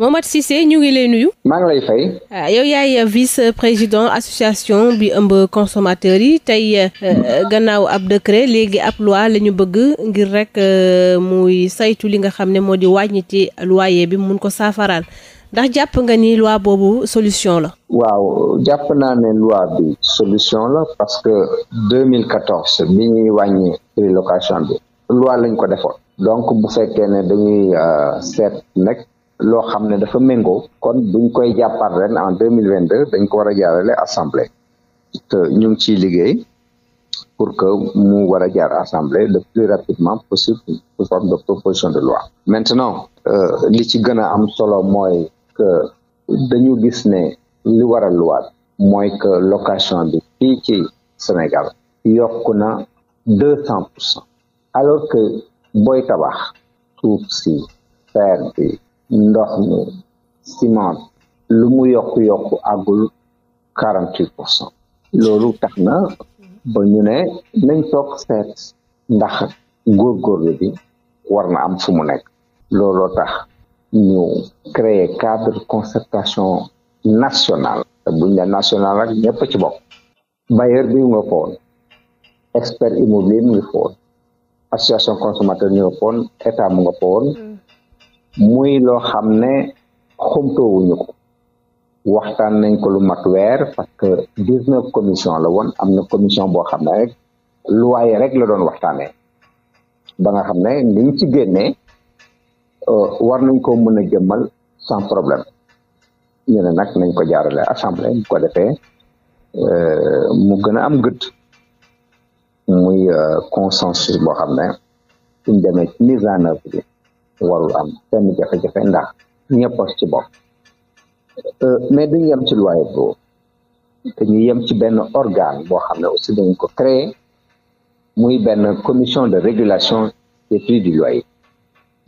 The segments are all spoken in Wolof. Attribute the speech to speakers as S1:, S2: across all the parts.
S1: Momath Cissé ñu ngi lay nuyu. maa ngi lay fay. Ah, yow yaay vice président association bi ëmb consomateur yi tey euh, euh, gannaaw ab décret léegi ab loi la ñu bëgg ngir rek euh, muy saytu li nga xam ne moo di wàññi ci loyer bi mun ko saafaraan ndax jàpp nga ni loi boobu solution la.
S2: waaw jàpp naa ne loi bi solution la parce que 2014 bi ñuy wàññi prix location bi loi lañ ko defoo donc bu fekkee ne dañuy seet nekk. loo xam ne dafa méngoo kon buñ koy jàppaat ren en deux mille vingt deux dañ ko war a jaarale assemblée te ñu ngi ciy liggéey pour que mu war a jaar assemblée le plus rapidement possible sous forme de proposition de loi. maintenant euh, li ci gën a am solo mooy que dañu gis ne li war a luwaat mooy que location bi fii ci Sénégal yokku na deux cent pour alors que booy tabax suuf si terre bi. ndox mi ciment lu mu yokk-yokk àggul quarante huit pour loolu tax na ba ñu ne nañ toog seet ndax góorgóorlu bi war na am fu mu nekk looloo tax ñu créer cadre concertation nationale buñ ne nationale rek ñëpp ci bopp bailleur bi nga foon expert immobilier mu ngi foon association consommateur ñu nga foon état mu nga foon mm. muy loo xam ne xumtoowuñu ko waxtaan nañ ko lu mat weer parce que dix neuf commission la woon am na commission boo xam ne rek loi rek la doon waxtaanee ba nga xam ne liñ ci génnee euh, war nañ ko mën a jëmmal sans problème ñu ne nag nañ ko jaarale assemblée bu ko defee euh, mu gën a am gët muy euh, consensus boo xam ne suñ demee mise en œuvre bi warul am benn jafe-jafe ndax ñëpp ci bopp euh, mais duñu yem ci loi boobu te ñu yem ci benn organe boo xam ne aussi dañ ko créer muy benn commission de régulation des di du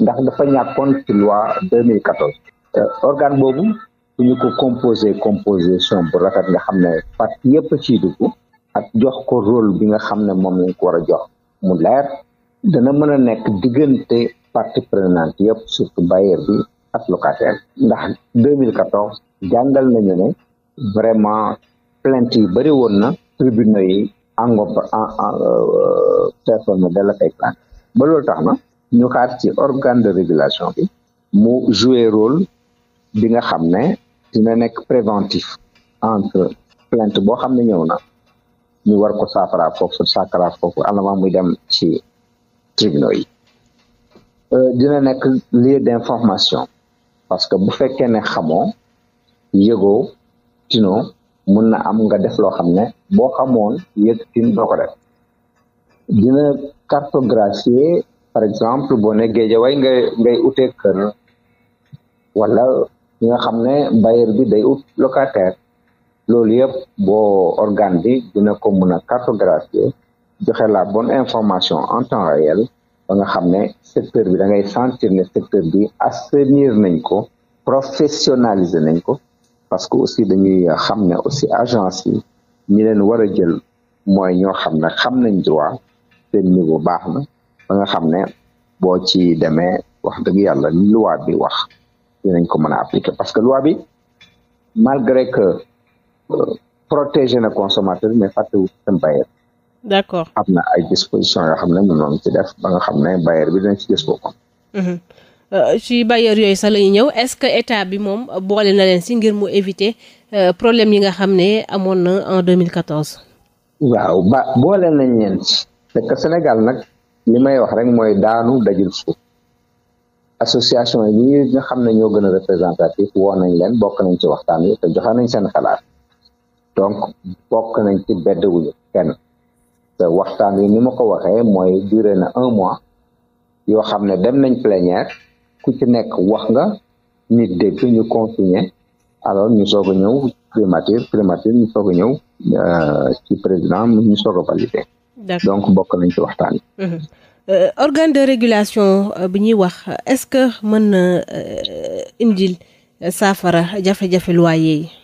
S2: ndax dafa ñàkkoon ci loi 2014 organe boobu su ñu ko composé composition bu rafet nga xam ne part yëpp ciy dugg ak jox ko rôle bi nga xam ne moom lañ ko war a jox mu leer dana mën a nekk diggante partie prenante yëpp surtout bailleur bi ak locataire ndax 2014 jàngal nañu ne vraiment plainte yi bëri woon na tribunaux yi engomp performe euh, dala ay plainte ba loolu tax na ñu xaar ci organe de régulation bi mu jouer rôle bi nga xam ne dina nekk préventif entre plainte boo xam ne ñëw na ñu war ko saafara foofu saafara foofu en avant muy dem ci tribunaux Euh, dina nekk lieu d'information parce que bu fekkee ne xamoo yëgoo tinoo mun na am nga def loo xam ne boo xamoon yëg tin doo ko def dina cartographier par exemple boo ne way nga ngay utee kër wala nga xam ne bailleur bi day ut locataire loolu yëpp boo organe bi dina ko mun a cartographier joxe la bonne information en temps réel ba nga xam ne secteur bi da ngay sentir ne secteur bi assainir nañ ko professionnaliser nañ ko parce que aussi dañuy xam ne aussi agence yi ñi leen war a jël mooy ñoo xam ne xam nañ droit seen niveau baax na ba nga xam ne boo ci demee wax dëgg yàlla li loi bi wax nañ ko mën a appliquer parce que loi bi malgré que euh, protéger na consommateur mais fàttewul seen bailleur d' accord am na ay disposition yoo xam ne mën noonu ci def ba nga xam ne bailleur bi dina ci gis boppam.
S1: Mhm. Euh, ci bailleur yooyu sax la ñëw est ce que état bi moom boole na leen si ngir mu éviter euh, problème yi nga xam ne amoon na en
S2: 2014. waaw ba boole nañ leen ci. parce nag li may wax rek mooy daanu dajul association yi nga xam ne ñoo gën a représentatif woo nañ leen bokk nañ ci waxtaan yi te joxe nañ seen xalaat donc bokk nañ ci bedd wuñu kenn. te waxtaan wi ni ma ko waxee mooy duré na un mois yoo xam ne dem nañ plénière ku ci nekk wax nga nit dégg ñu consigné alors ñu soog a ñëw primature primature ñu soog a ñëw euh, ci président ñu soog a validé donc bokk nañ ci waxtaan yi
S1: mm-hmm. euh, organe de régulation euh, bi ñuy wax est-ce que mën na indil saafara jafe-jafe loyer yi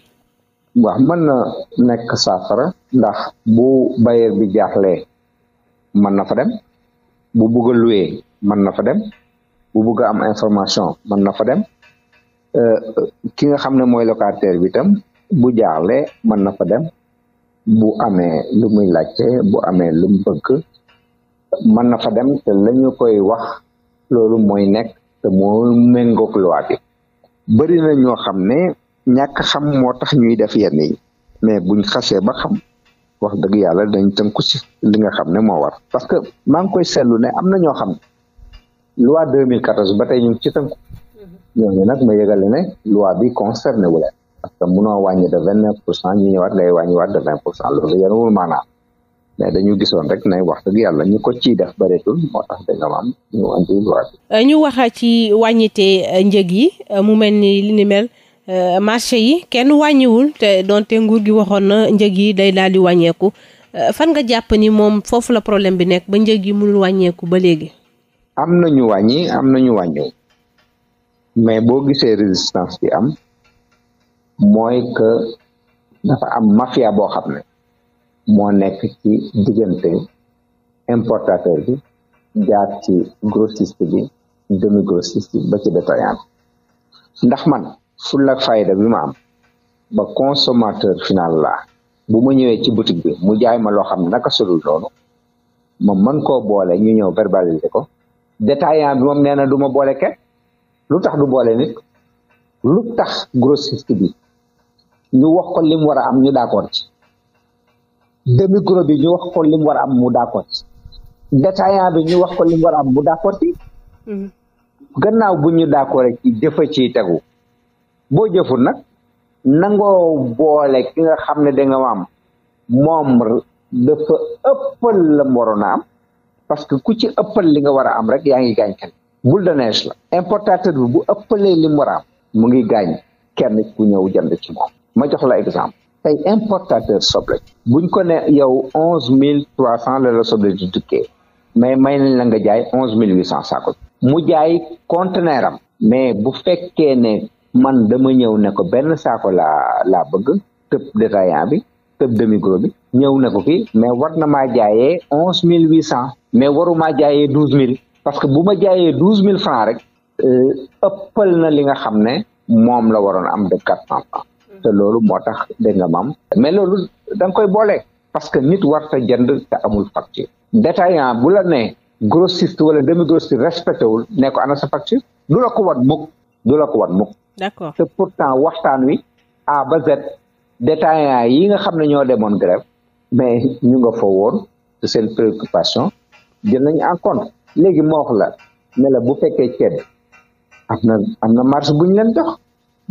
S2: waaw mën na nekk saafara ndax bu bailleur bi jaaxlee mën na fa dem bu bugg a loué mën na fa dem bu bugg a am information mën na fa dem euh, ki nga xam ne mooy locataire bi tam bu jaaxlee mën na fa dem bu amee lu muy laajte bu amee lum bëgg mën na fa dem te la koy wax loolu mooy nekk te mooy méngoog loi bi bëri na ñàkk xam moo tax ñuy def yenn yi mais buñ xasee ba xam wax dëgg yàlla dañ ku si li nga xam ne moo war parce que maa ngi koy seetlu ne am na ñoo xam loi 2014 ba tey ñu ngi ci tënku mm-hmm. ñooñu nag ma yëgale ne loi bi concerné wu leen parce que munoo wàññi de vingt neuf pour cent ñu ñëwaat ngay wàññiwaat de vingt pour cent loolu yenwul maanaam mais dañu gisoon rek ne wax dëgg yàlla ñu ko ciy def bëreetul moo tax da nga maam ñu andi
S1: ci wàññite njëg yi mu mel ni mel Euh, marché yi kenn wàññiwul te donte nguur gi waxoon na njëg yi day daal di wàññeeku euh, fan nga jàpp ni moom foofu la problème bi nekk ba njëg yi mënul wàññeeku ba léegi.
S2: am na ñu wàññi am na ñu wàññiwul mais boo gisee résistance bi am mooy que dafa am mafia boo xam ne moo nekk ci diggante importateur bi jaar ci grossiste bi demi grossiste bi ba ci détaillant ndax man. fulla ak fayda bi ma am ba consommateur final laa bu ma ñëwee ci boutique bi mu jaay ma loo xam ne naka solul noonu ma mën koo boole ñu ñëw verbaliser ko détaillant bi moom nee na du ma boole kenn lu tax du boole nit lu tax grossiste bi ñu wax ko lim war a am ñu d'accord ci demi gros ñu wax ko lim war a am mu d'accord ci détaillant bi ñu wax ko lim war am mu d'accord ci mm-hmm. gannaaw bu ñu d'accord ci jëfa ci tegu bo jëful nag nango boole ki nga xam ne da nga am moom dafa ëppal la mu waroon am parce que ku ci ëppal li nga war a am rek yaa ngi gaañ kenn boule de neige la importateur bu ëppalee li mu war am mu ngi gaañ kenn ku ñëw jënd ci moom ma jox la exemple tey importateur soble buñ ko ne yow onze mille trois cent la la soble di tukkee mais may nañ la nga jaay onze mille huit cent saako mu jaay conteneur mais bu fekkee ne man dama ñëw ne ko benn saako laa laa bëgg tëb détaillant bi tëb demi gros bi ñëw ne ko fii mais war na maa jaayee onze mille huit cent mais waru maa jaayee douze mille parce que bu ma jaayee douze mille franc rek euh, ëppal na li nga xam ne moom la waroon am de quatre cent franc hmm. te loolu moo tax dégg nga maam mais loolu da koy boole parce que nit war ta jënd te amul facture détaillant bu la ne grossiste wala demi grossiste respecté wul ne ko ana sa facture du la ko wan mukk du la ko wan mukk d'accord te pourtant waxtaan wi A ba Z détaillants yi nga xam ne ñoo demoon grève mais ñu nga fa woon te seen préoccupation jël nañ en compte léegi moo wax la ne bu fekkee ceeb am na am na marge bu ñu leen jox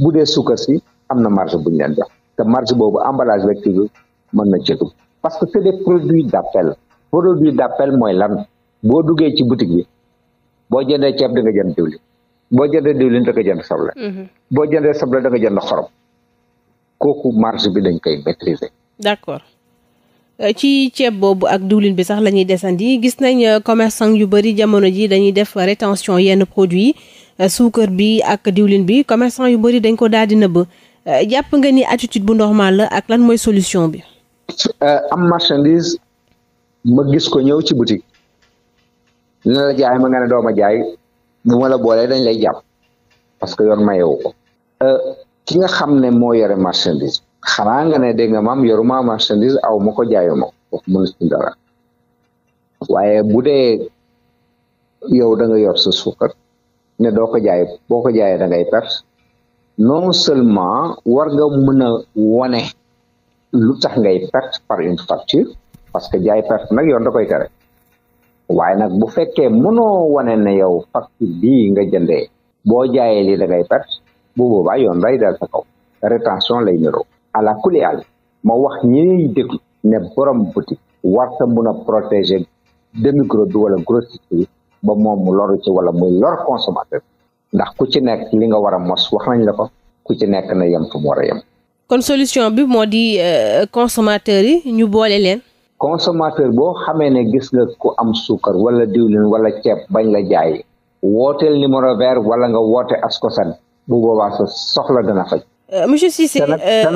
S2: bu dee suukar si am na marge bu ñu leen jox te marge boobu emballage rek mën na cëtu parce que c'est des produits d'appel produit d'appel mooy lan boo duggee ci boutique bi boo jëndee ceeb da nga jënd diwlin boo jëndee diwlin da nga jënd soble. Mhm. boo jëndee soble da nga jënd xorom kooku marge bi dañ koy maîtriser.
S1: d'accord. Euh, ci ceeb boobu ak diwlin bi sax la ñuy desandi gis nañ euh, commerçant yu bëri jamono ji dañuy def rétention yenn produits euh, suukar bi ak diwlin bi commerçant yu bëri dañ ko daal di nëbb jàpp nga ni attitude bu normal la ak lan mooy solution bi.
S2: am marchandise ma gis ko ñëw ci boutique. dina la jaay ma nga ne doo jaay bu ma la boolee dañ lay jàpp parce que yoon mayewu ko euh, ki nga xam ne moo yore marchandise xanaa nga ne dégg nga maam yoruma aw ma ko jaayuma ko mënu ci dara waaye bu dee yow da nga yor sa suukar ne doo ko jaay boo ko jaayee da ngay perte non seulement war nga mën a wone lu tax ngay perte par une facture parce que jaay perte nag yoon da koy tere waaye nag bu fekkee mënoo wane ne yow facture bi nga jëndee boo jaayee li da ngay perte bu boobaa yoon lay dal sa kaw rétention lay niroo ala kulli ma wax ñiy déglu ne borom boutique warta bu a protéger demi gros bi wala grossiste bi ba moom mu loru ci wala muy lor consommateur ndax ku ci nekk li nga war a mos wax nañ la ko ku ci nekk na yem fu mu war a yem
S1: kon solution bi moo di euh, consommateur yi ñu
S2: boole leen consommateur boo xamee ne gis nga ku am suukar wala diwlin wala ceeb bañ la jaay wooteel numéro vert wala nga woote askosan bu boobaa sa soxla dana faj. Euh, monsieur Cissé te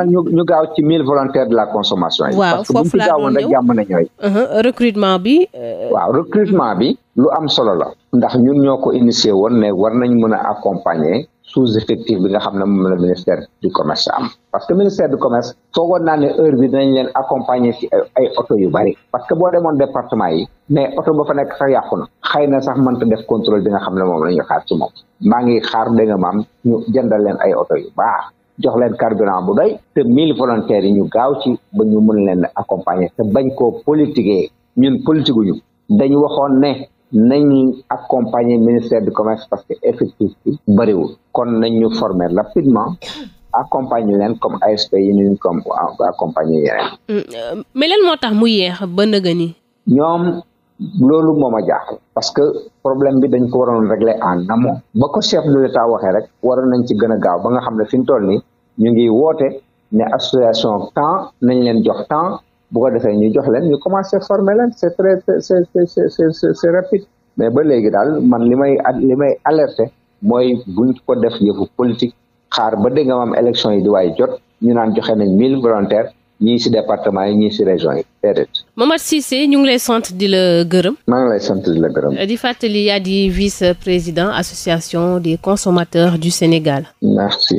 S2: nag euh, ñu gaaw ci mille volontaires de la consommation yi. waaw foofu laa doon jàmm na ñooy. Uh-huh, recrutement bi. Euh, waaw recrutement bi. lu am solo la ndax ñun ñoo ko initié woon ne war nañ mën a accompagner sous effectif bi nga xam ne moom la ministère du commerce am parce que ministère du commerce foogoon naa ne heure bi dinañ leen accompagner ci ay oto yu bari parce que boo demoon département yi mais oto ba fa nekk sax yàqu na xëy na sax mënta def contrôle bi nga xam ne moom la ñu xaar ci moom maa ngi xaar da nga maam ñu jëndal leen ay oto yu baax jox leen carburant bu doy te mille volontaires yi ñu gaaw ci ba ñu mën leen accompagner te bañ koo politiquer ñun politiquuñu dañu waxoon ne nañ accompagner ministère du commerce parce que effective bi bëriwul kon nañ ñu former rapidement accompagner leen comme ASP yi ñu comme accompagner yeneen. Mm,
S1: euh, mais lan moo tax mu yeex ba nëgë
S2: ñoom loolu moom a jaaxal parce que problème bi dañ ko waroon régler en amont. ba ko chef de l'État waxee rek waroon nañ ci gën a gaaw ba nga xam ne fi mu toll nii ñu ngi woote ne association temps nañ leen jox temps bu ko defee ñu jox leen ñu commencé former leen c'est très c'est c'est mais ba léegi daal man li may li may alerter mooy buñ ko def yëfu politique xaar ba dégg nga am élection yi di waay jot ñu naan joxe nañ mille volontaires ñii ci département yi ñii ci région yi ma
S1: Momar Cissé ñu ngi lay sant di la gërëm.
S2: maa ngi lay sant di la gërëm.
S1: di fàttali yaa di vice président association des consommateurs du Sénégal.
S2: merci.